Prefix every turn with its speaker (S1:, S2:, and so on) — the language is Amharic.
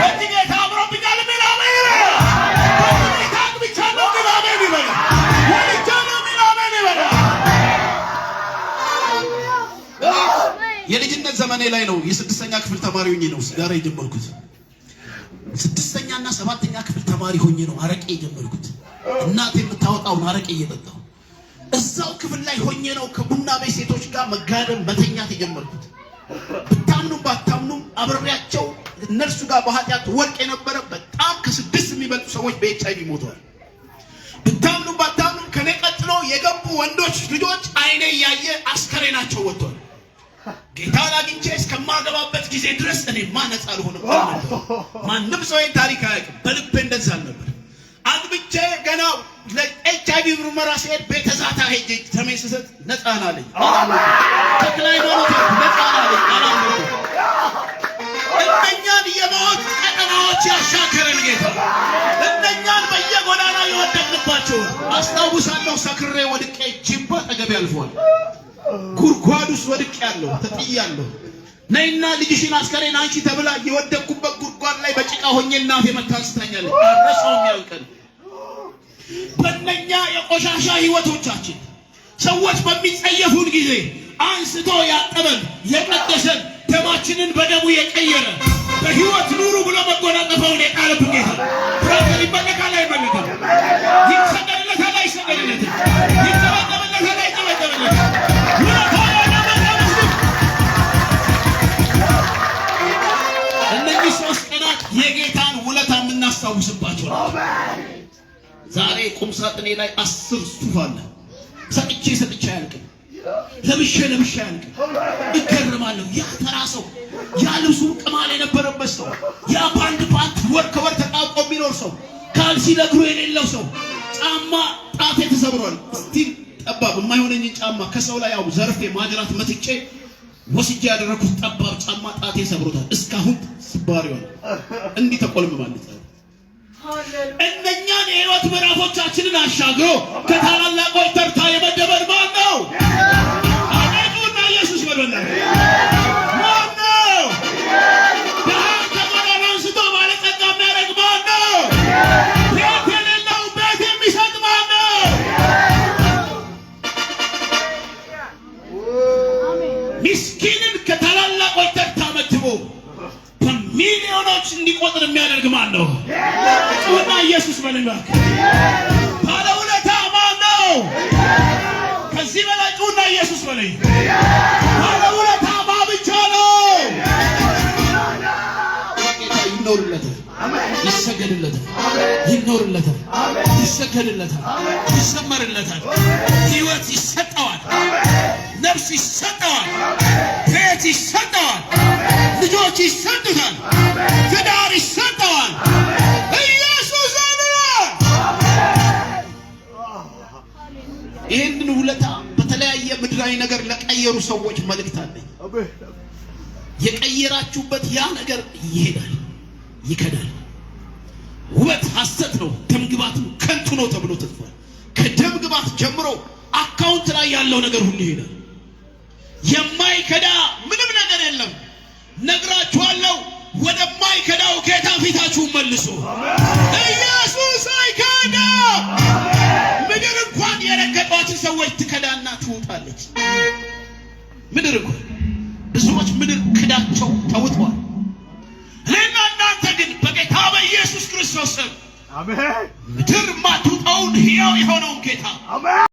S1: በዚህ ቤት አምሮብኛል የሚል አሜን ይበል። በዚህ ቤት አግብቻለሁ የሚል አሜን ይበል። ወልጃለሁ የሚል አሜን ይበል።
S2: የልጅነት ዘመኔ ላይ ነው የስድስተኛ ክፍል ተማሪ ሆኜ ነው ሲጋራ የጀመርኩት። ስድስተኛ እና ሰባተኛ ክፍል ተማሪ ሆኜ ነው አረቄ የጀመርኩት። እናቴ የምታወጣውን አረቄ እየጠጣሁ እዛው ክፍል ላይ ሆኜ ነው ከቡና ቤት ሴቶች ጋር መጋደም መተኛት የጀመርኩት። ብታምኑም ባታምኑም አብሬያቸው እነርሱ ጋር በኃጢአት ወርቅ የነበረ በጣም ከስድስት የሚበልጡ ሰዎች በኤች አይቪ ሞተዋል። ብታምኑ ባታምኑ ከኔ ቀጥሎ የገቡ ወንዶች ልጆች አይኔ እያየ አስከሬ ናቸው ወጥቷል። ጌታን አግኝቼ እስከማገባበት ጊዜ ድረስ እኔ ነፃ አልሆነ ማንም ሰው ታሪክ አያውቅም። በልቤ እንደዛ ነበር። አግብቼ ገና ለኤች አይቪ ምርመራ ሲሄድ ቤተዛታ ሄጄ ተሜ ነጻ ናለኝ ተክለ ሃይማኖት ነፃ ናለኝ አላ እኛን የሞት ቀጠናዎች ያሻገረን ጌታ እነኛን በየጎዳና የወደቅንባቸውን አስታውሳለሁ። ሰክሬ ወድቄ ጅባ አጠገቤ ያልፏል። ጉድጓድ ውስጥ ወድቄያለሁ፣ ተጥያለሁ። ነይና ልጅሽን አስከሬን አንቺ ተብላ የወደቅኩበት ጉድጓድ ላይ በጭቃ ሆኜ እናቴ መታ አንስታኛለች። አረሳውም ያን በእነኛ የቆሻሻ ህይወቶቻችን ሰዎች በሚጸየፉን ጊዜ አንስቶ ያጠበን የቀደሰን ደማችንን በደሙ የቀየረ በህይወት ኑሩ ብሎ መጎናጸፈውን የቃል ጌታ ፍራት ሊመለካል አይመለካል፣ ይሰገድለታል አይሰገድለትም፣ ይጠበጠበለታል አይጠበጠበለትም። እነዚህ ቁምሳጥኔ ላይ አስር ሱፍ አለ። ሰጥቼ ሰጥቼ አያልቅም። ለብሼ ለብሼ ያልቅ እገርማለሁ። ያ ተራ ሰው ያ ልብሱ ቅማል የነበረበት ሰው ያ በአንድ ፓንት ወር ከወር ተጣብቆ የሚኖር ሰው ካልሲ ለእግሩ የሌለው ሰው ጫማ ጣቴ ተሰብሯል፣ ስቲል ጠባብ የማይሆነኝን ጫማ ከሰው ላይ ያው ዘርፌ ማጅራት መትጬ ወስጄ ያደረኩት ጠባብ ጫማ ጣቴ ሰብሮታል። እስካሁን ስባሪ ሆነ እንዲህ ተቆልም ማለት ነው። እነኛን የህይወት ምዕራፎቻችንን አሻግሮ ከታላላቆች ተርታ ሚሊዮኖች እንዲቆጥር የሚያደርግ ማን ነው? ጩና ኢየሱስ በልባ ባለ ውለታ ማን ነው? ከዚህ በላይ ጩና ኢየሱስ በለይ። ባለ ውለታ ማ ብቻ ነው? ይሰገድለታል፣ ይኖርለታል፣ ይሰገድለታል፣ ይሰመርለታል። ይሰጡታል፣ ትዳር ይሰጠዋል። ኢየሱስ አምኗል። ይህንን ውለታ በተለያየ ምድራዊ ነገር ለቀየሩ ሰዎች መልእክት አለኝ። የቀየራችሁበት ያ ነገር ይሄዳል፣ ይከዳል። ውበት ሐሰት ነው፣ ደምግባትም ከንቱ ነው ተብሎ ተጽፏል። ከደምግባት ጀምሮ አካውንት ላይ ያለው ነገር ሁሉ ይሄዳል። የማይከዳ ምንም ነግራችኋለሁ። ወደማይከዳው ጌታ ፊታችሁን መልሱ። ኢየሱስ አይከዳ። ምድር እንኳን የረገጧትን ሰዎች ትከዳና ትውጣለች። ምድር እንኳን ብዙዎች ምድር ክዳቸው ተውጠዋል። እኔና እናንተ ግን በጌታ በኢየሱስ ክርስቶስ ምድር ማትውጠውን ሕያው የሆነውን ጌታ